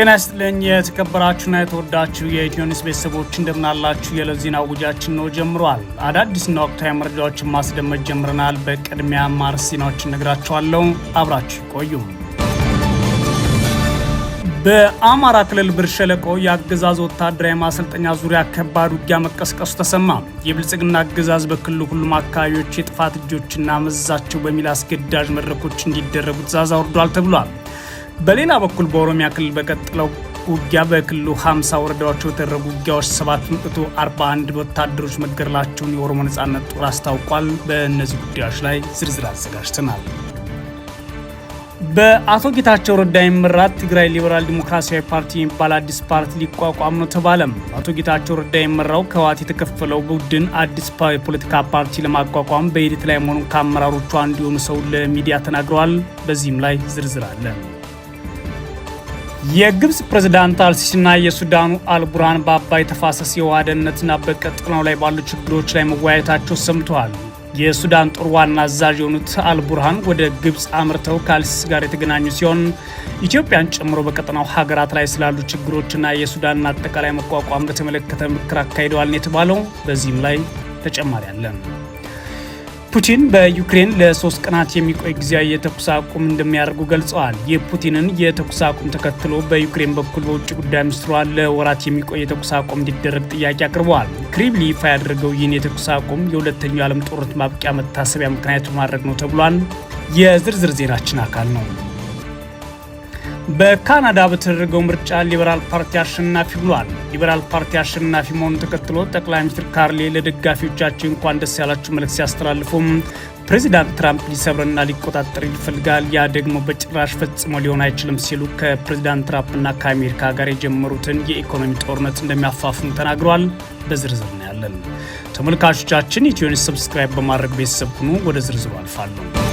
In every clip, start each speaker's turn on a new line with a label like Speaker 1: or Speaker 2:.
Speaker 1: ጤና ይስጥልኝ የተከበራችሁና የተወዳችሁ የኢትዮኒስ ቤተሰቦች እንደምናላችሁ። የዕለት ዜና ውጃችን ነው ጀምሯል። አዳዲስና ወቅታዊ መረጃዎችን ማስደመጥ ጀምረናል። በቅድሚያ ማርስ ዜናዎችን ነግራችኋለሁ። አብራችሁ ቆዩ። በአማራ ክልል ብር ሸለቆ የአገዛዝ ወታደራዊ ማሰልጠኛ ዙሪያ ከባድ ውጊያ መቀስቀሱ ተሰማ። የብልጽግና አገዛዝ በክልሉ ሁሉም አካባቢዎች የጥፋት እጆችና መዛቸው በሚል አስገዳጅ መድረኮች እንዲደረጉ ትዕዛዝ አውርዷል ተብሏል። በሌላ በኩል በኦሮሚያ ክልል በቀጥለው ውጊያ በክልሉ 50 ወረዳዎች በተደረጉ ውጊያዎች 741 ወታደሮች መገደላቸውን የኦሮሞ ነጻነት ጦር አስታውቋል። በእነዚህ ጉዳዮች ላይ ዝርዝር አዘጋጅተናል። በአቶ ጌታቸው ረዳ የሚመራ ትግራይ ሊበራል ዲሞክራሲያዊ ፓርቲ የሚባል አዲስ ፓርቲ ሊቋቋም ነው ተባለም። አቶ ጌታቸው ረዳ የሚመራው ከህወሓት የተከፈለው ቡድን አዲስ የፖለቲካ ፓርቲ ለማቋቋም በሂደት ላይ መሆኑን ከአመራሮቹ አንዱ የሆኑ ሰው ለሚዲያ ተናግረዋል። በዚህም ላይ ዝርዝር አለ። የግብፅ ፕሬዝዳንት አልሲሲና የሱዳኑ አልቡርሃን በአባይ ተፋሰስ የውሃ ደህንነትና በቀጠናው ላይ ባሉ ችግሮች ላይ መወያየታቸው ሰምተዋል። የሱዳን ጦር ዋና አዛዥ የሆኑት አልቡርሃን ወደ ግብፅ አምርተው ከአልሲሲ ጋር የተገናኙ ሲሆን ኢትዮጵያን ጨምሮ በቀጠናው ሀገራት ላይ ስላሉ ችግሮችና የሱዳንን አጠቃላይ መቋቋም በተመለከተ ምክር አካሂደዋል የተባለው በዚህም ላይ ተጨማሪ አለን። ፑቲን በዩክሬን ለሶስት ቀናት የሚቆይ ጊዜያዊ የተኩስ አቁም እንደሚያደርጉ ገልጸዋል። የፑቲንን የተኩስ አቁም ተከትሎ በዩክሬን በኩል በውጭ ጉዳይ ሚኒስትሯ ለወራት የሚቆይ የተኩስ አቁም እንዲደረግ ጥያቄ አቅርበዋል። ክሪምሊ ይፋ ያደረገው ይህን የተኩስ አቁም የሁለተኛው የዓለም ጦርነት ማብቂያ መታሰቢያ ምክንያቱ ማድረግ ነው ተብሏል። የዝርዝር ዜናችን አካል ነው። በካናዳ በተደረገው ምርጫ ሊበራል ፓርቲ አሸናፊ ብሏል። ሊበራል ፓርቲ አሸናፊ መሆኑን ተከትሎ ጠቅላይ ሚኒስትር ካርሌ ለደጋፊዎቻቸው እንኳን ደስ ያላችሁ መልእክት ሲያስተላልፉም ፕሬዚዳንት ትራምፕ ሊሰብርና ሊቆጣጠር ይፈልጋል። ያ ደግሞ በጭራሽ ፈጽሞ ሊሆን አይችልም ሲሉ ከፕሬዚዳንት ትራምፕና ከአሜሪካ ጋር የጀመሩትን የኢኮኖሚ ጦርነት እንደሚያፋፍም ተናግረዋል። በዝርዝር እናያለን። ተመልካቾቻችን ኢትዮኒስ ሰብስክራይብ በማድረግ ቤተሰብ ሁኑ። ወደ ዝርዝሩ አልፋለሁ።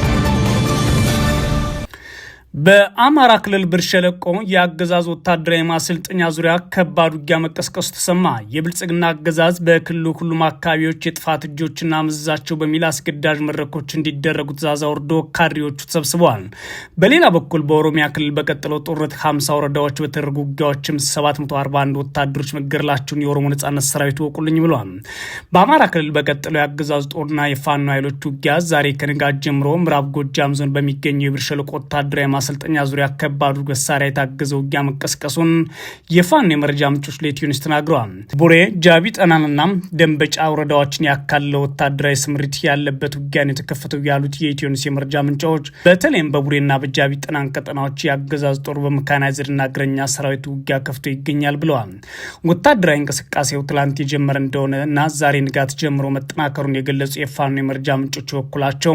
Speaker 1: በአማራ ክልል ብር ሸለቆ የአገዛዝ ወታደራዊ ማሰልጠኛ ዙሪያ ከባድ ውጊያ መቀስቀሱ ተሰማ። የብልጽግና አገዛዝ በክልሉ ሁሉም አካባቢዎች የጥፋት እጆችና ምዛቸው በሚል አስገዳጅ መድረኮች እንዲደረጉ ትእዛዝ አውርዶ ካድሬዎቹ ተሰብስበዋል። በሌላ በኩል በኦሮሚያ ክልል በቀጠለው ጦርነት 50 ወረዳዎች በተደረጉ ውጊያዎችም 741 ወታደሮች መገደላቸውን የኦሮሞ ነጻነት ሰራዊት ወቁልኝ ብሏል። በአማራ ክልል በቀጠለው የአገዛዝ ጦርና የፋኖ ኃይሎች ውጊያ ዛሬ ከንጋት ጀምሮ ምዕራብ ጎጃም ዞን በሚገኘው የብር ሸለቆ ወታደራዊ ማሰልጠኛ ዙሪያ ከባዱ መሳሪያ የታገዘ ውጊያ መቀስቀሱን የፋኖ የመረጃ ምንጮች ለኢትዮኒስ ተናግረዋል። ቡሬ ጃቢ ጠናንና ደንበጫ ወረዳዎችን ያካለ ወታደራዊ ስምሪት ያለበት ውጊያን የተከፈተው ያሉት የኢትዮኒስ የመረጃ ምንጫዎች በተለይም በቡሬና በጃቢ ጠናን ቀጠናዎች የአገዛዝ ጦሩ በመካናይዝድና እግረኛ ሰራዊት ውጊያ ከፍቶ ይገኛል ብለዋል። ወታደራዊ እንቅስቃሴው ትላንት የጀመረ እንደሆነ እና ዛሬ ንጋት ጀምሮ መጠናከሩን የገለጹ የፋኖ የመረጃ ምንጮች በኩላቸው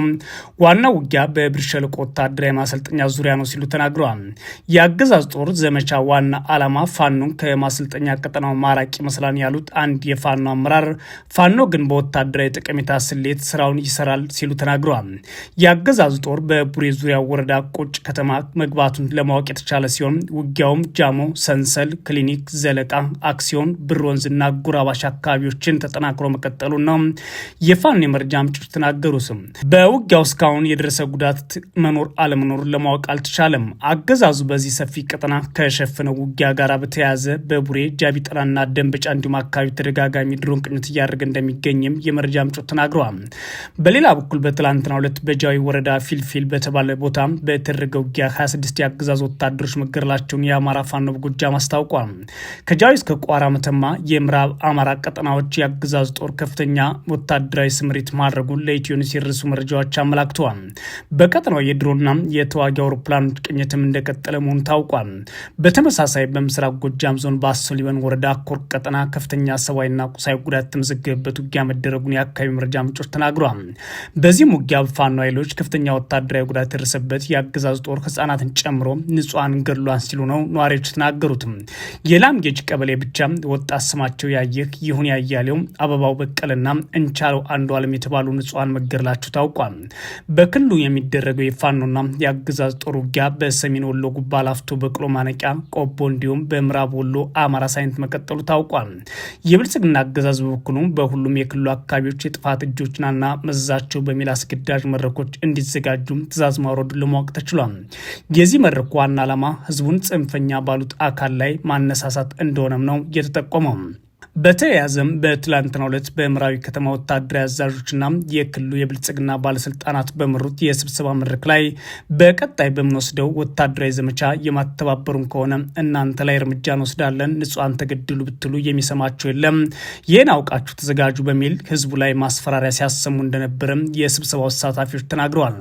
Speaker 1: ዋናው ውጊያ በብርሸልቆ ወታደራዊ ማሰልጠኛ ዙሪያ ነው ሲሉ ተናግረዋል። የአገዛዝ ጦር ዘመቻ ዋና ዓላማ ፋኖን ከማሰልጠኛ ቀጠናው ማራቅ ይመስላል ያሉት አንድ የፋኖ አመራር፣ ፋኖ ግን በወታደራዊ ጠቀሜታ ስሌት ስራውን ይሰራል ሲሉ ተናግረዋል። የአገዛዝ ጦር በቡሬ ዙሪያ ወረዳ ቁጭ ከተማ መግባቱን ለማወቅ የተቻለ ሲሆን ውጊያውም ጃሞ፣ ሰንሰል፣ ክሊኒክ፣ ዘለቃ፣ አክሲዮን፣ ብር ወንዝና ጉራባሽ አካባቢዎችን ተጠናክሮ መቀጠሉ ነው የፋኖ የመረጃ ምንጮች ስም በውጊያው እስካሁን የደረሰ ጉዳት መኖር አለመኖር ለማወቅ አልተ አልተቻለም። አገዛዙ በዚህ ሰፊ ቀጠና ከሸፈነው ውጊያ ጋር በተያያዘ በቡሬ ጠናና ደንበጫ እንዲሁም አካባቢ ተደጋጋሚ ድሮን ቅኝት እያደረገ እንደሚገኝም የመረጃ ምንጮች ተናግረዋል። በሌላ በኩል በትላንትና ሁለት በጃዊ ወረዳ ፊልፊል በተባለ ቦታ በተደረገ ውጊያ 26 የአገዛዙ ወታደሮች መገደላቸውን የአማራ ፋኖ በጎጃም አስታውቋል። ከጃዊ እስከ ቋራ መተማ የምዕራብ አማራ ቀጠናዎች የአገዛዙ ጦር ከፍተኛ ወታደራዊ ስምሪት ማድረጉን ለኢትዮኒውስ የደረሱ መረጃዎች አመላክተዋል። በቀጠናው የድሮና የተዋጊ አውሮፕላን የአውሮፕላን ቅኝትም እንደቀጠለ መሆኑ ታውቋል። በተመሳሳይ በምስራቅ ጎጃም ዞን በአሶ ሊበን ወረዳ ኮር ቀጠና ከፍተኛ ሰብአዊና ቁሳዊ ጉዳት የተመዘገበበት ውጊያ መደረጉን የአካባቢ መረጃ ምንጮች ተናግሯል። በዚህም ውጊያ ፋኖ ኃይሎች ከፍተኛ ወታደራዊ ጉዳት የደረሰበት የአገዛዝ ጦር ህጻናትን ጨምሮ ንጹሐን ገድሏን ሲሉ ነው ነዋሪዎች የተናገሩትም። የላምጌጅ ቀበሌ ብቻ ወጣት ስማቸው ያየህ ይሁን ያያሌው አበባው በቀልና እንቻለው አንዱ አለም የተባሉ ንጹሐን መገደላቸው ታውቋል። በክልሉ የሚደረገው የፋኖና የአገዛዝ ጦር ውጊያ በሰሜን ወሎ ጉባ ላፍቶ፣ በቅሎ ማነቂያ፣ ቆቦ እንዲሁም በምዕራብ ወሎ አማራ ሳይንት መቀጠሉ ታውቋል። የብልጽግና አገዛዝ በበኩሉም በሁሉም የክልሉ አካባቢዎች የጥፋት እጆችናና መዛቸው በሚል አስገዳጅ መድረኮች እንዲዘጋጁም ትእዛዝ ማውረዱን ለማወቅ ተችሏል። የዚህ መድረክ ዋና ዓላማ ህዝቡን ጽንፈኛ ባሉት አካል ላይ ማነሳሳት እንደሆነም ነው የተጠቆመው። በተያያዘም በትላንትናው ዕለት በምዕራዊ ከተማ ወታደራዊ አዛዦችና የክልሉ የብልጽግና ባለስልጣናት በመሩት የስብሰባ መድረክ ላይ በቀጣይ በምንወስደው ወታደራዊ ዘመቻ የማተባበሩን ከሆነ እናንተ ላይ እርምጃ እንወስዳለን፣ ንጹሐን ተገድሉ ብትሉ የሚሰማቸው የለም፣ ይህን አውቃችሁ ተዘጋጁ በሚል ህዝቡ ላይ ማስፈራሪያ ሲያሰሙ እንደነበረ የስብሰባው ተሳታፊዎች ተናግረዋል።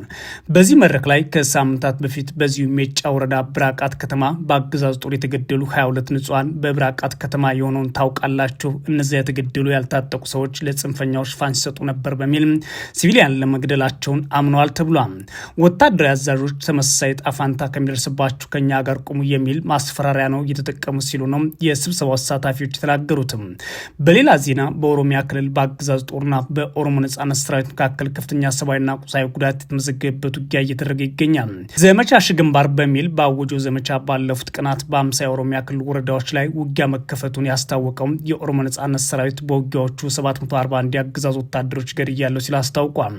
Speaker 1: በዚህ መድረክ ላይ ከሳምንታት በፊት በዚሁ ሜጫ ወረዳ ብራቃት ከተማ በአገዛዝ ጦር የተገደሉ 22 ንጹሐን በብራቃት ከተማ የሆነውን ታውቃላቸው። ናቸው። እነዚያ የተገደሉ ያልታጠቁ ሰዎች ለጽንፈኛው ሽፋን ሲሰጡ ነበር በሚል ሲቪሊያን ለመግደላቸውን አምነዋል ተብሏል። ወታደራዊ አዛዦች ተመሳሳይ ጣፋንታ ከሚደርስባችሁ ከኛ ጋር ቁሙ የሚል ማስፈራሪያ ነው እየተጠቀሙ ሲሉ ነው የስብሰባው አሳታፊዎች የተናገሩትም። በሌላ ዜና በኦሮሚያ ክልል በአገዛዝ ጦርና በኦሮሞ ነጻነት ሰራዊት መካከል ከፍተኛ ሰብአዊና ቁሳዊ ጉዳት የተመዘገበበት ውጊያ እየተደረገ ይገኛል። ዘመቻ ሽግንባር ግንባር በሚል በአወጀው ዘመቻ ባለፉት ቀናት በአምሳ የኦሮሚያ ክልል ወረዳዎች ላይ ውጊያ መከፈቱን ያስታወቀው የኦሮሞ ነጻነት ሰራዊት በውጊያዎቹ 741 የአገዛዙ ወታደሮች ገድያለሁ ሲል አስታውቋል።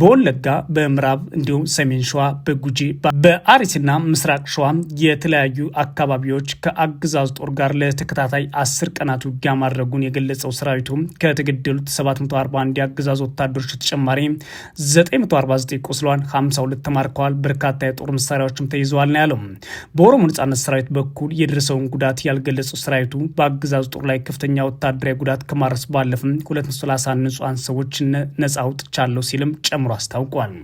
Speaker 1: በወለጋ በምዕራብ እንዲሁም ሰሜን ሸዋ፣ በጉጂ በአሪሲና ምስራቅ ሸዋ የተለያዩ አካባቢዎች ከአገዛዙ ጦር ጋር ለተከታታይ አስር ቀናት ውጊያ ማድረጉን የገለጸው ሰራዊቱ ከተገደሉት 741 የአገዛዙ ወታደሮች ተጨማሪ 949 ቆስሏን 52 ተማርከዋል። በርካታ የጦር መሳሪያዎችም ተይዘዋል ነው ያለው። በኦሮሞ ነጻነት ሰራዊት በኩል የደረሰውን ጉዳት ያልገለጸው ሰራዊቱ በአገዛዙ ጦር ላይ ከፍተኛ ከፍተኛ ወታደራዊ ጉዳት ከማድረስ ባለፍም 231 ንጹሐን ሰዎች ነጻ አውጥቻለሁ ሲልም ጨምሮ አስታውቋል።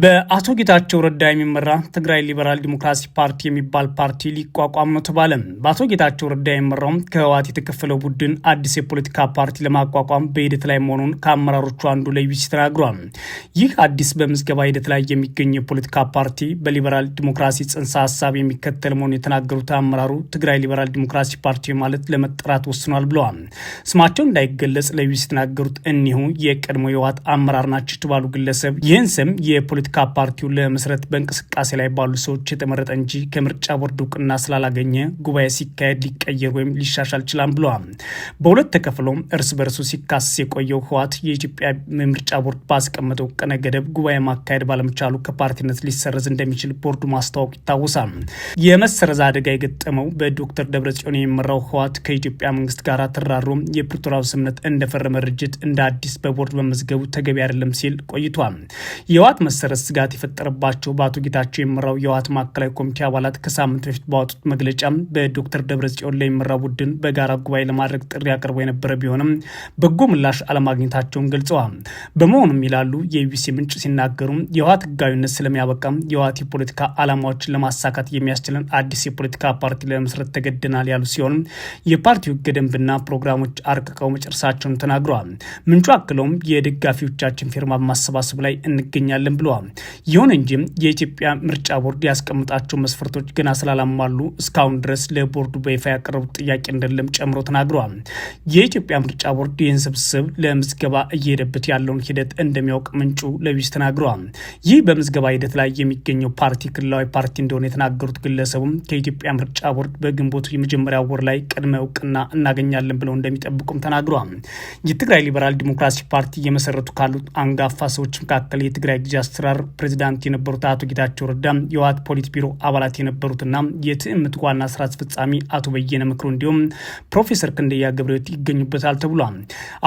Speaker 1: በአቶ ጌታቸው ረዳ የሚመራ ትግራይ ሊበራል ዲሞክራሲ ፓርቲ የሚባል ፓርቲ ሊቋቋም ነው ተባለ። በአቶ ጌታቸው ረዳ የሚመራው ከህወሓት የተከፈለው ቡድን አዲስ የፖለቲካ ፓርቲ ለማቋቋም በሂደት ላይ መሆኑን ከአመራሮቹ አንዱ ለቢቢሲ ተናግሯል። ይህ አዲስ በምዝገባ ሂደት ላይ የሚገኝ የፖለቲካ ፓርቲ በሊበራል ዲሞክራሲ ጽንሰ ሀሳብ የሚከተል መሆኑን የተናገሩት አመራሩ ትግራይ ሊበራል ዲሞክራሲ ፓርቲ ማለት ለመጠራት ወስኗል ብለዋል። ስማቸው እንዳይገለጽ ለቢቢሲ የተናገሩት እኒሁ የቀድሞ የህወሓት አመራር ናቸው የተባሉ ግለሰብ ይህን ስም የፖለቲካ ፓርቲው ለመስረት በእንቅስቃሴ ላይ ባሉ ሰዎች የተመረጠ እንጂ ከምርጫ ቦርድ እውቅና ስላላገኘ ጉባኤ ሲካሄድ ሊቀየር ወይም ሊሻሻል ችላም ብለዋል። በሁለት ተከፍሎ እርስ በርሱ ሲካሰስ የቆየው ህወሓት የኢትዮጵያ ምርጫ ቦርድ ባስቀመጠው ቀነ ገደብ ጉባኤ ማካሄድ ባለመቻሉ ከፓርቲነት ሊሰረዝ እንደሚችል ቦርዱ ማስታወቅ ይታወሳል። የመሰረዝ አደጋ የገጠመው በዶክተር ደብረጽዮን የሚመራው ህወሓት ከኢትዮጵያ መንግስት ጋር ተራሮ የፕሪቶሪያው ስምምነት እንደፈረመ ድርጅት እንደ አዲስ በቦርድ መመዝገቡ ተገቢ አይደለም ሲል ቆይቷል። የህወሓት የመሰረት ስጋት የፈጠረባቸው በአቶ ጌታቸው የሚመራው የህወሓት ማዕከላዊ ኮሚቴ አባላት ከሳምንት በፊት ባወጡት መግለጫ በዶክተር ደብረጽዮን ላይ የሚመራው ቡድን በጋራ ጉባኤ ለማድረግ ጥሪ አቅርቦ የነበረ ቢሆንም በጎ ምላሽ አለማግኘታቸውን ገልጸዋል። በመሆኑም ይላሉ የዩቢሲ ምንጭ ሲናገሩ የህወሓት ህጋዊነት ስለሚያበቃም የህወሓት የፖለቲካ ዓላማዎችን ለማሳካት የሚያስችለን አዲስ የፖለቲካ ፓርቲ ለመስረት ተገደናል ያሉ ሲሆን የፓርቲው ህገ ደንብና ፕሮግራሞች አርቅቀው መጨረሳቸውን ተናግረዋል። ምንጩ አክለውም የደጋፊዎቻችን ፊርማ በማሰባሰብ ላይ እንገኛለን ብለዋል። ብሏል። ይሁን እንጂ የኢትዮጵያ ምርጫ ቦርድ ያስቀምጣቸው መስፈርቶች ገና ስላላሟሉ እስካሁን ድረስ ለቦርዱ በይፋ ያቀረቡት ጥያቄ እንደለም ጨምሮ ተናግረዋል። የኢትዮጵያ ምርጫ ቦርድ ይህን ስብስብ ለምዝገባ እየሄደበት ያለውን ሂደት እንደሚያውቅ ምንጩ ለቢስ ተናግረዋል። ይህ በምዝገባ ሂደት ላይ የሚገኘው ፓርቲ ክልላዊ ፓርቲ እንደሆነ የተናገሩት ግለሰቡም ከኢትዮጵያ ምርጫ ቦርድ በግንቦቱ የመጀመሪያ ወር ላይ ቅድመ እውቅና እናገኛለን ብለው እንደሚጠብቁም ተናግረዋል። የትግራይ ሊበራል ዲሞክራሲ ፓርቲ እየመሰረቱ ካሉት አንጋፋ ሰዎች መካከል የትግራይ ጊዜ አሰራር ፕሬዚዳንት የነበሩት አቶ ጌታቸው ረዳ የህወሓት ፖሊት ቢሮ አባላት የነበሩትና የትዕምት ዋና ስራ አስፈጻሚ አቶ በየነ ምክሩ እንዲሁም ፕሮፌሰር ክንደያ ገብረሕይወት ይገኙበታል ተብሏል።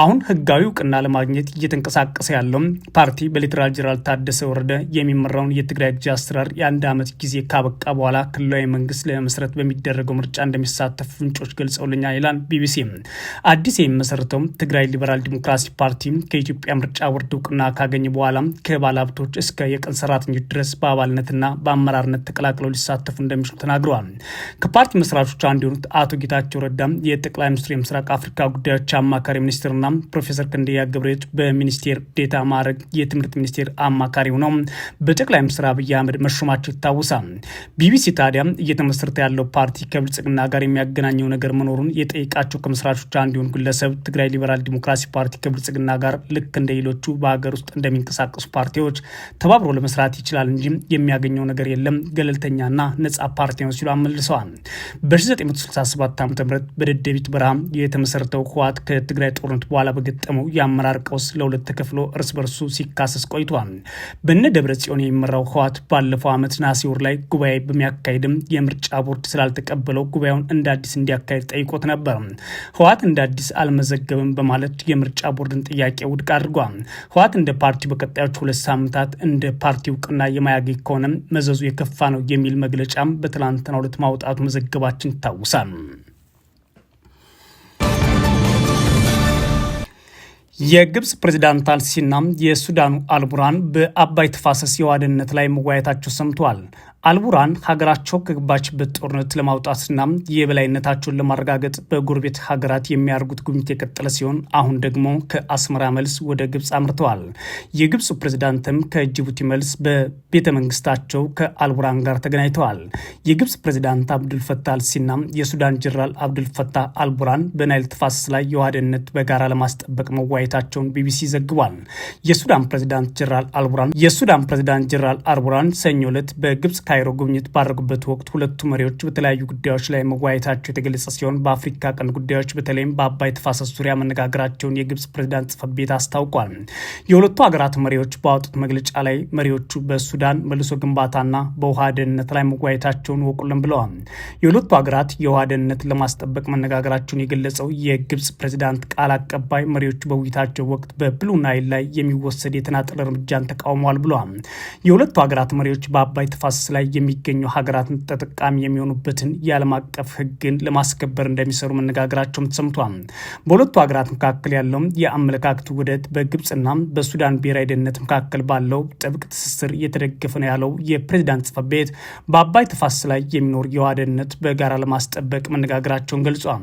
Speaker 1: አሁን ህጋዊ እውቅና ለማግኘት እየተንቀሳቀሰ ያለው ፓርቲ በሌተናል ጄኔራል ታደሰ ወረደ የሚመራውን የትግራይ ጊዜ አሰራር የአንድ ዓመት ጊዜ ካበቃ በኋላ ክልላዊ መንግስት ለመመስረት በሚደረገው ምርጫ እንደሚሳተፉ ምንጮች ገልጸውልኛል ይላል ቢቢሲ። አዲስ የሚመሰረተው ትግራይ ሊበራል ዲሞክራሲ ፓርቲ ከኢትዮጵያ ምርጫ ቦርድ እውቅና ካገኘ በኋላ ከባለ ሀብቶች እስከ የቀን ሰራተኞች ድረስ በአባልነትና በአመራርነት ተቀላቅለው ሊሳተፉ እንደሚችሉ ተናግረዋል። ከፓርቲ መስራቾች አንዱ የሆኑት አቶ ጌታቸው ረዳ የጠቅላይ ሚኒስትሩ የምስራቅ አፍሪካ ጉዳዮች አማካሪ ሚኒስትርና ፕሮፌሰር ክንደያ ገብሬት በሚኒስቴር ዴታ ማዕረግ የትምህርት ሚኒስቴር አማካሪ ሆነው በጠቅላይ ሚኒስትር አብይ አህመድ መሾማቸው ይታወሳል። ቢቢሲ ታዲያ እየተመሰረተ ያለው ፓርቲ ከብልጽግና ጋር የሚያገናኘው ነገር መኖሩን የጠይቃቸው ከመስራቾች አንዱ የሆኑ ግለሰብ ትግራይ ሊበራል ዲሞክራሲ ፓርቲ ከብልጽግና ጋር ልክ እንደ ሌሎቹ በሀገር ውስጥ እንደሚንቀሳቀሱ ፓርቲዎች ተባብሮ ለመስራት ይችላል እንጂ የሚያገኘው ነገር የለም፣ ገለልተኛና ነጻ ፓርቲ ነው ሲሉ አመልሰዋል። በ1967 ዓ ም በደደቢት በረሃ የተመሰረተው ህወሓት ከትግራይ ጦርነት በኋላ በገጠመው የአመራር ቀውስ ለሁለት ተከፍሎ እርስ በርሱ ሲካሰስ ቆይቷል። በነ ደብረ ጽዮን የሚመራው ህወሓት ባለፈው ዓመት ነሐሴ ወር ላይ ጉባኤ በሚያካሄድም የምርጫ ቦርድ ስላልተቀበለው ጉባኤውን እንደ አዲስ እንዲያካሄድ ጠይቆት ነበር። ህወሓት እንደ አዲስ አልመዘገብም በማለት የምርጫ ቦርድን ጥያቄ ውድቅ አድርጓል። ህወሓት እንደ ፓርቲ በቀጣዮች ሁለት ሳምንታት እንደ ፓርቲ እውቅና የማያገኝ ከሆነ መዘዙ የከፋ ነው የሚል መግለጫም በትላንትና ዕለት ማውጣቱ መዘገባችን ይታወሳል። የግብፅ ፕሬዚዳንት አልሲና የሱዳኑ አልቡራን በአባይ ተፋሰስ የዋደነት ላይ መወያየታቸው ሰምተዋል። አልቡራን ሀገራቸው ከገባችበት ጦርነት ለማውጣትና የበላይነታቸውን ለማረጋገጥ በጎረቤት ሀገራት የሚያደርጉት ጉብኝት የቀጠለ ሲሆን አሁን ደግሞ ከአስመራ መልስ ወደ ግብፅ አምርተዋል። የግብፁ ፕሬዚዳንትም ከጅቡቲ መልስ በቤተ መንግስታቸው ከአልቡራን ጋር ተገናኝተዋል። የግብፅ ፕሬዚዳንት አብዱልፈታ አልሲና የሱዳን ጀነራል አብዱልፈታህ አልቡራን በናይል ተፋሰስ ላይ የዋህደነት በጋራ ለማስጠበቅ መዋየታቸውን ቢቢሲ ዘግቧል። የሱዳን ፕሬዚዳንት ጀነራል አልቡራን የሱዳን ፕሬዚዳንት ጀነራል አልቡራን ሰኞ ዕለት በግብፅ ካይሮ ጉብኝት ባደረጉበት ወቅት ሁለቱ መሪዎች በተለያዩ ጉዳዮች ላይ መወያየታቸው የተገለጸ ሲሆን በአፍሪካ ቀንድ ጉዳዮች በተለይም በአባይ ተፋሰስ ዙሪያ መነጋገራቸውን የግብጽ ፕሬዚዳንት ጽፈት ቤት አስታውቋል። የሁለቱ ሀገራት መሪዎች ባወጡት መግለጫ ላይ መሪዎቹ በሱዳን መልሶ ግንባታና በውሃ ደህንነት ላይ መወያየታቸውን ወቁልን ብለዋል። የሁለቱ ሀገራት የውሃ ደህንነት ለማስጠበቅ መነጋገራቸውን የገለጸው የግብጽ ፕሬዚዳንት ቃል አቀባይ መሪዎቹ በውይይታቸው ወቅት በብሉ ናይል ላይ የሚወሰድ የተናጠል እርምጃን ተቃውመዋል ብለዋል። የሁለቱ ሀገራት መሪዎች በአባይ ተፋሰስ ላይ ላይ የሚገኙ ሀገራትን ተጠቃሚ የሚሆኑበትን የዓለም አቀፍ ህግን ለማስከበር እንደሚሰሩ መነጋገራቸውም ተሰምቷል። በሁለቱ ሀገራት መካከል ያለው የአመለካከት ውህደት በግብፅና በሱዳን ብሔራዊ ደህንነት መካከል ባለው ጥብቅ ትስስር እየተደገፈ ነው ያለው የፕሬዚዳንት ጽፈት ቤት በአባይ ተፋሰስ ላይ የሚኖር የውሃ ደህንነት በጋራ ለማስጠበቅ መነጋገራቸውን ገልጿል።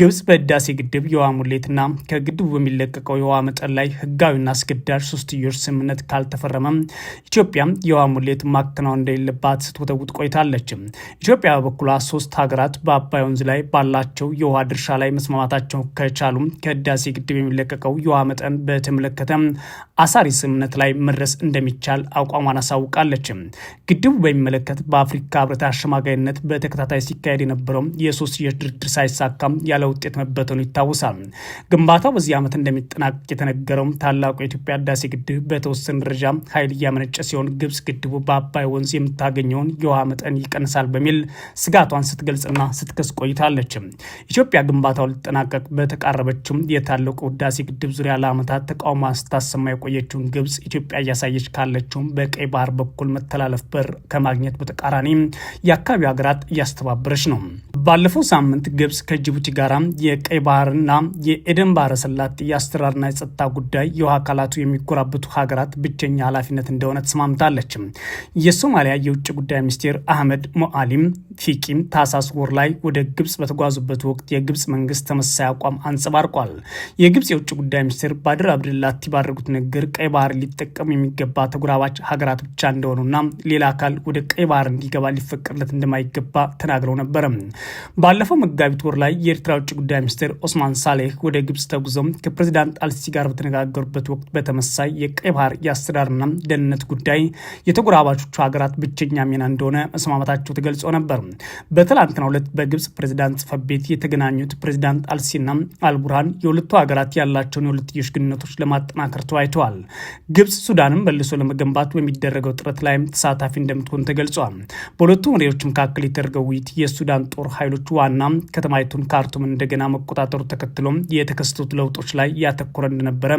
Speaker 1: ግብፅ በህዳሴ ግድብ የውሃ ሙሌትና ከግድቡ በሚለቀቀው የውሃ መጠን ላይ ህጋዊና አስገዳጅ ሶስትዮሽ ስምምነት ካልተፈረመም ኢትዮጵያ የውሃ ሙሌት ማከናወን እንደሌለባት ዓመታት ስትወተውት ቆይታለች። ኢትዮጵያ በበኩሏ ሶስት ሀገራት በአባይ ወንዝ ላይ ባላቸው የውሃ ድርሻ ላይ መስማማታቸው ከቻሉ ከህዳሴ ግድብ የሚለቀቀው የውሃ መጠን በተመለከተ አሳሪ ስምምነት ላይ መድረስ እንደሚቻል አቋሟን አሳውቃለች። ግድቡ በሚመለከት በአፍሪካ ህብረት አሸማጋይነት በተከታታይ ሲካሄድ የነበረው የሶስትዮሽ ድርድር ሳይሳካም ያለ ውጤት መበተኑ ይታወሳል። ግንባታው በዚህ ዓመት እንደሚጠናቀቅ የተነገረው ታላቁ የኢትዮጵያ ህዳሴ ግድብ በተወሰነ ደረጃ ኃይል እያመነጨ ሲሆን ግብጽ ግድቡ በአባይ ወንዝ የምታ የምታገኘውን የውሃ መጠን ይቀንሳል በሚል ስጋቷን ስትገልጽና ስትከስ ቆይታለች። ኢትዮጵያ ግንባታው ሊጠናቀቅ በተቃረበችም የታላቁ ህዳሴ ግድብ ዙሪያ ለዓመታት ተቃውሞ ስታሰማ የቆየችውን ግብጽ ኢትዮጵያ እያሳየች ካለችውም በቀይ ባህር በኩል መተላለፍ በር ከማግኘት በተቃራኒ የአካባቢው ሀገራት እያስተባበረች ነው። ባለፈው ሳምንት ግብጽ ከጅቡቲ ጋራ የቀይ ባህርና የኤደን ባህረ ሰላጤ የአስተራርና የጸጥታ ጉዳይ የውሃ አካላቱ የሚጎራብቱ ሀገራት ብቸኛ ኃላፊነት እንደሆነ ተስማምታለች። የሶማሊያ የውጭ የውጭ ጉዳይ ሚኒስቴር አህመድ ሞአሊም ፊቂም ታህሳስ ወር ላይ ወደ ግብፅ በተጓዙበት ወቅት የግብፅ መንግስት ተመሳሳይ አቋም አንጸባርቋል። የግብፅ የውጭ ጉዳይ ሚኒስትር ባድር አብድላቲ ባደረጉት ንግግር ቀይ ባህር ሊጠቀሙ የሚገባ ተጎራባች ሀገራት ብቻ እንደሆኑና ሌላ አካል ወደ ቀይ ባህር እንዲገባ ሊፈቀድለት እንደማይገባ ተናግረው ነበር። ባለፈው መጋቢት ወር ላይ የኤርትራ ውጭ ጉዳይ ሚኒስትር ኦስማን ሳሌህ ወደ ግብፅ ተጉዘው ከፕሬዚዳንት አልሲ ጋር በተነጋገሩበት ወቅት በተመሳይ የቀይ ባህር የአስተዳደርና ደህንነት ጉዳይ የተጎራባቾቹ ሀገራት ብቸኛ ከፍተኛ ሚና እንደሆነ መስማማታቸው ተገልጾ ነበር። በትላንትናው ዕለት በግብጽ ፕሬዚዳንት ጽሕፈት ቤት የተገናኙት ፕሬዚዳንት አልሲና አልቡርሃን የሁለቱ ሀገራት ያላቸውን የሁለትዮሽ ግንኙነቶች ለማጠናከር ተወያይተዋል። ግብጽ ሱዳንም መልሶ ለመገንባት በሚደረገው ጥረት ላይም ተሳታፊ እንደምትሆን ተገልጿል። በሁለቱ መሪዎች መካከል የተደረገው ውይይት የሱዳን ጦር ኃይሎች ዋና ከተማይቱን ካርቱምን እንደገና መቆጣጠሩ ተከትሎ የተከሰቱት ለውጦች ላይ ያተኮረ እንደነበረ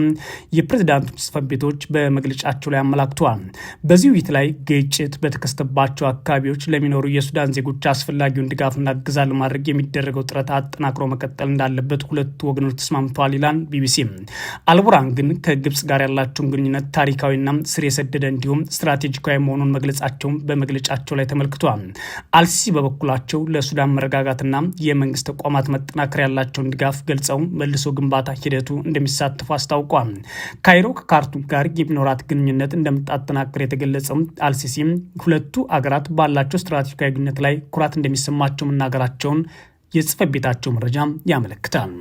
Speaker 1: የፕሬዚዳንቱ ጽፈ ቤቶች በመግለጫቸው ላይ አመላክተዋል። በዚህ ውይይት ላይ ግጭት በተከሰተ ባቸው አካባቢዎች ለሚኖሩ የሱዳን ዜጎች አስፈላጊውን ድጋፍና እገዛ ለማድረግ የሚደረገው ጥረት አጠናክሮ መቀጠል እንዳለበት ሁለቱ ወገኖች ተስማምተዋል ይላል ቢቢሲ። አልቡራን ግን ከግብጽ ጋር ያላቸውን ግንኙነት ታሪካዊና ስር የሰደደ እንዲሁም ስትራቴጂካዊ መሆኑን መግለጻቸውን በመግለጫቸው ላይ ተመልክቷል። አልሲሲ በበኩላቸው ለሱዳን መረጋጋትና የመንግስት ተቋማት መጠናከር ያላቸውን ድጋፍ ገልጸው መልሶ ግንባታ ሂደቱ እንደሚሳተፉ አስታውቋል። ካይሮ ከካርቱም ጋር የሚኖራት ግንኙነት እንደምታጠናክር የተገለጸው አልሲሲ ሁለቱ ሁለቱ አገራት ባላቸው ስትራቴጂካዊ ግንኙነት ላይ ኩራት እንደሚሰማቸው መናገራቸውን የጽህፈት ቤታቸው መረጃ ያመለክታል።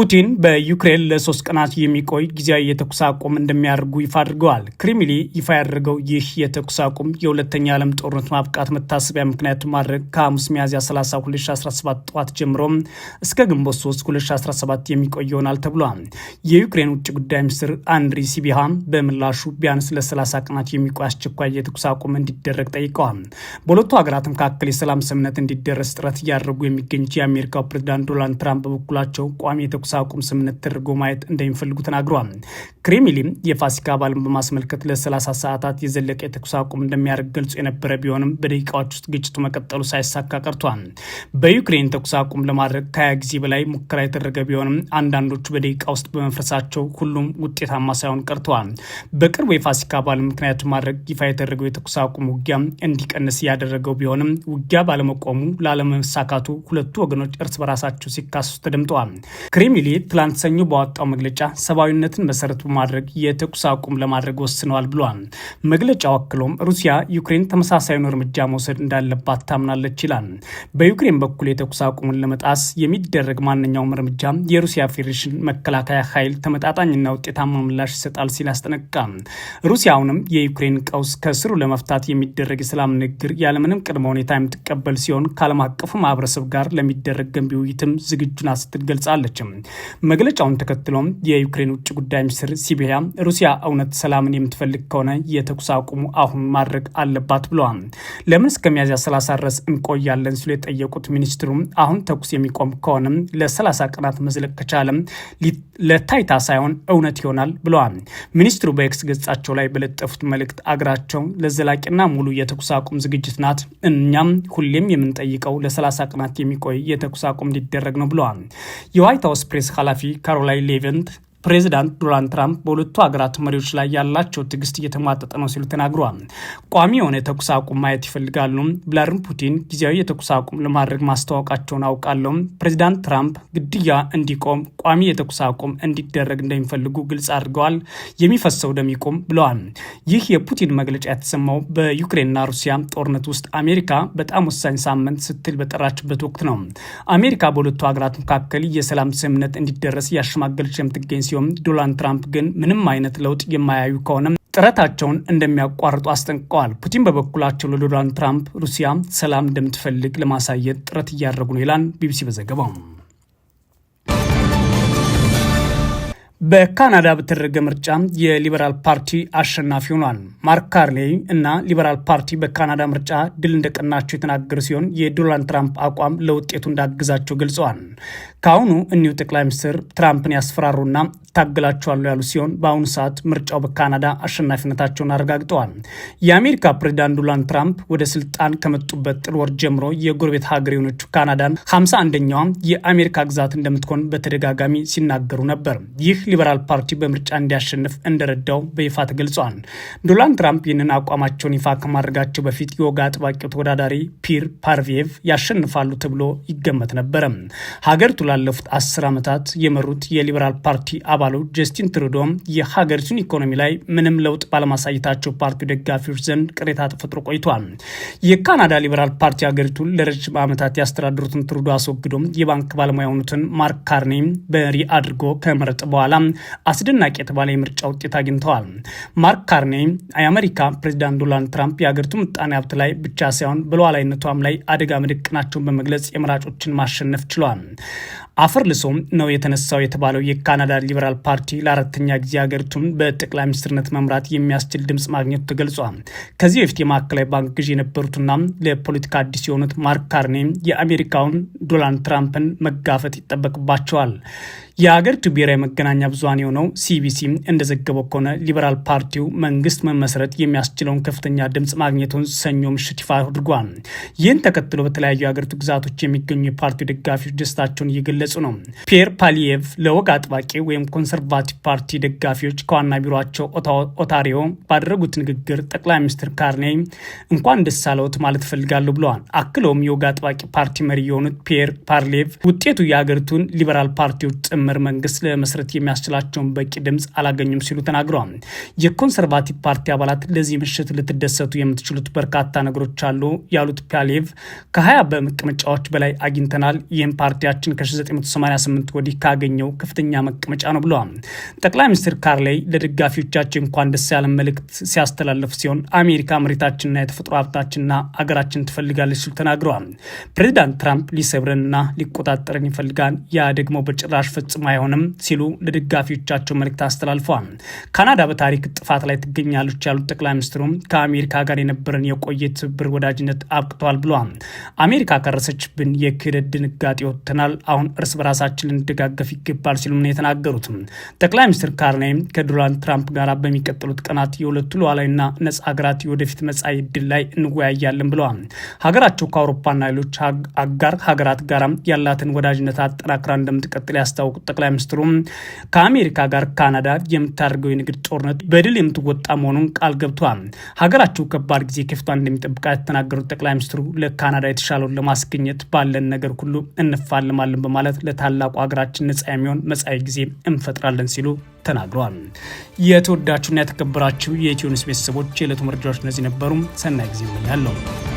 Speaker 1: ፑቲን በዩክሬን ለሶስት ቀናት የሚቆይ ጊዜያዊ የተኩስ አቁም እንደሚያደርጉ ይፋ አድርገዋል። ክሪምሊ ይፋ ያደረገው ይህ የተኩስ አቁም የሁለተኛ ዓለም ጦርነት ማብቃት መታሰቢያ ምክንያት ማድረግ ከሐሙስ ሚያዝያ 30 2017 ጠዋት ጀምሮ እስከ ግንቦት 3 2017 የሚቆይ ይሆናል ተብሏል። የዩክሬን ውጭ ጉዳይ ሚኒስትር አንድሪ ሲቢሃ በምላሹ ቢያንስ ለ30 ቀናት የሚቆይ አስቸኳይ የተኩስ አቁም እንዲደረግ ጠይቀዋል። በሁለቱ ሀገራት መካከል የሰላም ስምምነት እንዲደረስ ጥረት እያደረጉ የሚገኙት የአሜሪካው ፕሬዚዳንት ዶናልድ ትራምፕ በበኩላቸው ቋሚ የተኩስ የተኩስ አቁም ስምምነት ተደርጎ ማየት እንደሚፈልጉ ተናግረዋል። ክሬምሊን የፋሲካ በዓልን በማስመልከት ለ30 ሰዓታት የዘለቀ የተኩስ አቁም እንደሚያደርግ ገልጾ የነበረ ቢሆንም በደቂቃዎች ውስጥ ግጭቱ መቀጠሉ ሳይሳካ ቀርቷል። በዩክሬን ተኩስ አቁም ለማድረግ ከ ከ20 ጊዜ በላይ ሙከራ የተደረገ ቢሆንም አንዳንዶቹ በደቂቃ ውስጥ በመፍረሳቸው ሁሉም ውጤታማ ሳይሆን ቀርተዋል። በቅርቡ የፋሲካ በዓል ምክንያት ማድረግ ይፋ የተደረገው የተኩስ አቁም ውጊያ እንዲቀንስ ያደረገው ቢሆንም ውጊያ ባለመቆሙ ላለመሳካቱ ሁለቱ ወገኖች እርስ በራሳቸው ሲካሰሱ ተደምጠዋል። ሚሊ ትላንት ሰኞ ባወጣው መግለጫ ሰብአዊነትን መሰረት በማድረግ የተኩስ አቁም ለማድረግ ወስነዋል ብሏል። መግለጫው አክሎም ሩሲያ ዩክሬን ተመሳሳዩን እርምጃ መውሰድ እንዳለባት ታምናለች ይላል። በዩክሬን በኩል የተኩስ አቁሙን ለመጣስ የሚደረግ ማንኛውም እርምጃ የሩሲያ ፌዴሬሽን መከላከያ ኃይል ተመጣጣኝና ውጤታማ ምላሽ ይሰጣል ሲል አስጠነቅቃል። ሩሲያ አሁንም የዩክሬን ቀውስ ከስሩ ለመፍታት የሚደረግ የሰላም ንግግር ያለምንም ቅድመ ሁኔታ የምትቀበል ሲሆን ከዓለም አቀፉ ማህበረሰብ ጋር ለሚደረግ ገንቢ ውይይትም ዝግጁ ናት ስትል ገልጻለችም። መግለጫውን ተከትሎም የዩክሬን ውጭ ጉዳይ ሚኒስትር ሲቢያ ሩሲያ እውነት ሰላምን የምትፈልግ ከሆነ የተኩስ አቁሙ አሁን ማድረግ አለባት ብለዋል። ለምን እስከ ሚያዝያ 30 ድረስ እንቆያለን ሲሉ የጠየቁት ሚኒስትሩ አሁን ተኩስ የሚቆም ከሆነም ለ30 ቀናት መዝለቅ ከቻለም ለታይታ ሳይሆን እውነት ይሆናል ብለዋል። ሚኒስትሩ በኤክስ ገጻቸው ላይ በለጠፉት መልእክት አገራቸው ለዘላቂና ሙሉ የተኩስ አቁም ዝግጅት ናት፣ እኛም ሁሌም የምንጠይቀው ለ30 ቀናት የሚቆይ የተኩስ አቁም ሊደረግ ነው ብለዋል። የዋይት ሀውስ Press-ኃlafi Caroline Levent ፕሬዚዳንት ዶናልድ ትራምፕ በሁለቱ ሀገራት መሪዎች ላይ ያላቸው ትዕግስት እየተሟጠጠ ነው ሲሉ ተናግረዋል። ቋሚ የሆነ የተኩስ አቁም ማየት ይፈልጋሉ። ቭላድሚር ፑቲን ጊዜያዊ የተኩስ አቁም ለማድረግ ማስተዋወቃቸውን አውቃለሁ። ፕሬዚዳንት ትራምፕ ግድያ እንዲቆም ቋሚ የተኩስ አቁም እንዲደረግ እንደሚፈልጉ ግልጽ አድርገዋል። የሚፈሰው ደም ይቁም ብለዋል። ይህ የፑቲን መግለጫ የተሰማው በዩክሬንና ሩሲያ ጦርነት ውስጥ አሜሪካ በጣም ወሳኝ ሳምንት ስትል በጠራችበት ወቅት ነው። አሜሪካ በሁለቱ ሀገራት መካከል የሰላም ስምምነት እንዲደረስ እያሸማገለች የምትገኝ ሲሆን ጊዜውም ዶናልድ ትራምፕ ግን ምንም አይነት ለውጥ የማያዩ ከሆነም ጥረታቸውን እንደሚያቋርጡ አስጠንቅቀዋል። ፑቲን በበኩላቸው ለዶናልድ ትራምፕ ሩሲያ ሰላም እንደምትፈልግ ለማሳየት ጥረት እያደረጉ ነው ይላል ቢቢሲ በዘገባው። በካናዳ በተደረገ ምርጫ የሊበራል ፓርቲ አሸናፊ ሆኗል። ማርክ ካርኔ እና ሊበራል ፓርቲ በካናዳ ምርጫ ድል እንደቀናቸው የተናገሩ ሲሆን የዶናልድ ትራምፕ አቋም ለውጤቱ እንዳግዛቸው ገልጸዋል። ከአሁኑ እኒው ጠቅላይ ሚኒስትር ትራምፕን ያስፈራሩና ታገላቸዋለሁ ያሉ ሲሆን በአሁኑ ሰዓት ምርጫው በካናዳ አሸናፊነታቸውን አረጋግጠዋል። የአሜሪካ ፕሬዚዳንት ዶናልድ ትራምፕ ወደ ስልጣን ከመጡበት ጥር ወር ጀምሮ የጎረቤት ሀገር የሆነችው ካናዳን ሃምሳ አንደኛዋ የአሜሪካ ግዛት እንደምትሆን በተደጋጋሚ ሲናገሩ ነበር። ይህ ሊበራል ፓርቲ በምርጫ እንዲያሸንፍ እንደረዳው በይፋ ተገልጿል። ዶናልድ ትራምፕ ይህንን አቋማቸውን ይፋ ከማድረጋቸው በፊት የወግ አጥባቂው ተወዳዳሪ ፒር ፓርቬቭ ያሸንፋሉ ተብሎ ይገመት ነበረ። ሀገሪቱ ላለፉት አስር ዓመታት የመሩት የሊበራል ፓርቲ አባሉ ጀስቲን ትሩዶም የሀገሪቱን ኢኮኖሚ ላይ ምንም ለውጥ ባለማሳየታቸው ፓርቲው ደጋፊዎች ዘንድ ቅሬታ ተፈጥሮ ቆይቷል። የካናዳ ሊበራል ፓርቲ ሀገሪቱን ለረጅም ዓመታት ያስተዳድሩትን ትሩዶ አስወግዶም የባንክ ባለሙያ የሆኑትን ማርክ ካርኔም በሪ አድርጎ ከመረጥ በኋላ አስደናቂ የተባለ የምርጫ ውጤት አግኝተዋል። ማርክ ካርኔ የአሜሪካ ፕሬዚዳንት ዶናልድ ትራምፕ የሀገሪቱ ምጣኔ ሀብት ላይ ብቻ ሳይሆን በሉዓላዊነቷም ላይ አደጋ ምልክናቸውን በመግለጽ የመራጮችን ማሸነፍ ችሏል። አፈር ልሶም ነው የተነሳው የተባለው የካናዳ ሊበራል ፓርቲ ለአራተኛ ጊዜ ሀገሪቱን በጠቅላይ ሚኒስትርነት መምራት የሚያስችል ድምፅ ማግኘቱ ተገልጿል። ከዚህ በፊት የማዕከላዊ ባንክ ገዥ የነበሩትና ለፖለቲካ አዲስ የሆኑት ማርክ ካርኔ የአሜሪካውን ዶናልድ ትራምፕን መጋፈጥ ይጠበቅባቸዋል። የአገሪቱ ብሔራዊ መገናኛ ብዙሃን የሆነው ሲቢሲ እንደዘገበው ከሆነ ሊበራል ፓርቲው መንግስት መመስረት የሚያስችለውን ከፍተኛ ድምፅ ማግኘቱን ሰኞ ምሽት ይፋ አድርጓል። ይህን ተከትሎ በተለያዩ የአገሪቱ ግዛቶች የሚገኙ የፓርቲው ደጋፊዎች ደስታቸውን እየገለጹ እየገለጹ ነው። ፒየር ፓሊየቭ ለወግ አጥባቂ ወይም ኮንሰርቫቲቭ ፓርቲ ደጋፊዎች ከዋና ቢሮቸው ኦታሪዮ ባደረጉት ንግግር ጠቅላይ ሚኒስትር ካርኔይ እንኳን ደስ አለዎት ማለት እፈልጋለሁ ብለዋል። አክለውም የወግ አጥባቂ ፓርቲ መሪ የሆኑት ፒየር ፓርሌቭ ውጤቱ የሀገሪቱን ሊበራል ፓርቲዎች ጥምር መንግስት ለመስረት የሚያስችላቸውን በቂ ድምፅ አላገኙም ሲሉ ተናግረዋል። የኮንሰርቫቲቭ ፓርቲ አባላት ለዚህ ምሽት ልትደሰቱ የምትችሉት በርካታ ነገሮች አሉ ያሉት ፓሌቭ ከ በመቀመጫዎች በላይ አግኝተናል። ይህም ፓርቲያችን ከ9 ከ1988 ወዲህ ካገኘው ከፍተኛ መቀመጫ ነው ብለዋል። ጠቅላይ ሚኒስትር ካርሌይ ለደጋፊዎቻቸው እንኳን ደስ ያለን መልእክት ሲያስተላለፉ ሲሆን አሜሪካ መሬታችንና የተፈጥሮ ሀብታችንና አገራችን ትፈልጋለች ሲሉ ተናግረዋል። ፕሬዚዳንት ትራምፕ ሊሰብረንና ሊቆጣጠረን ይፈልጋል፣ ያ ደግሞ በጭራሽ ፈጽሞ አይሆንም ሲሉ ለደጋፊዎቻቸው መልእክት አስተላልፈዋል። ካናዳ በታሪክ ጥፋት ላይ ትገኛለች ያሉት ጠቅላይ ሚኒስትሩም ከአሜሪካ ጋር የነበረን የቆየ ትብብር ወዳጅነት አብቅተዋል ብለዋል። አሜሪካ ካረሰችብን የክህደት ድንጋጤ ወጥተናል። አሁን እርስ በራሳችን ልንደጋገፍ ይገባል ሲሉም ነው የተናገሩት። ጠቅላይ ሚኒስትር ካርኔ ከዶናልድ ትራምፕ ጋር በሚቀጥሉት ቀናት የሁለቱ ሉዓላዊና ነጻ ሀገራት የወደፊት መጻኢ ዕድል ላይ እንወያያለን ብለዋል። ሀገራቸው ከአውሮፓና ሌሎች አጋር ሀገራት ጋር ያላትን ወዳጅነት አጠናክራ እንደምትቀጥል ያስታወቁት ጠቅላይ ሚኒስትሩ ከአሜሪካ ጋር ካናዳ የምታደርገው የንግድ ጦርነት በድል የምትወጣ መሆኑን ቃል ገብተዋል። ሀገራቸው ከባድ ጊዜ ከፊቷ እንደሚጠብቃ የተናገሩት ጠቅላይ ሚኒስትሩ ለካናዳ የተሻለውን ለማስገኘት ባለን ነገር ሁሉ እንፋለማለን በማለት ለታላቁ ሀገራችን ነጻ የሚሆን መጻኢ ጊዜ እንፈጥራለን ሲሉ ተናግረዋል። የተወዳችሁና የተከበራችሁ የኢትዮ ኒውስ ቤተሰቦች የዕለቱ መረጃዎች እነዚህ ነበሩም። ሰናይ ጊዜ እመኛለሁ።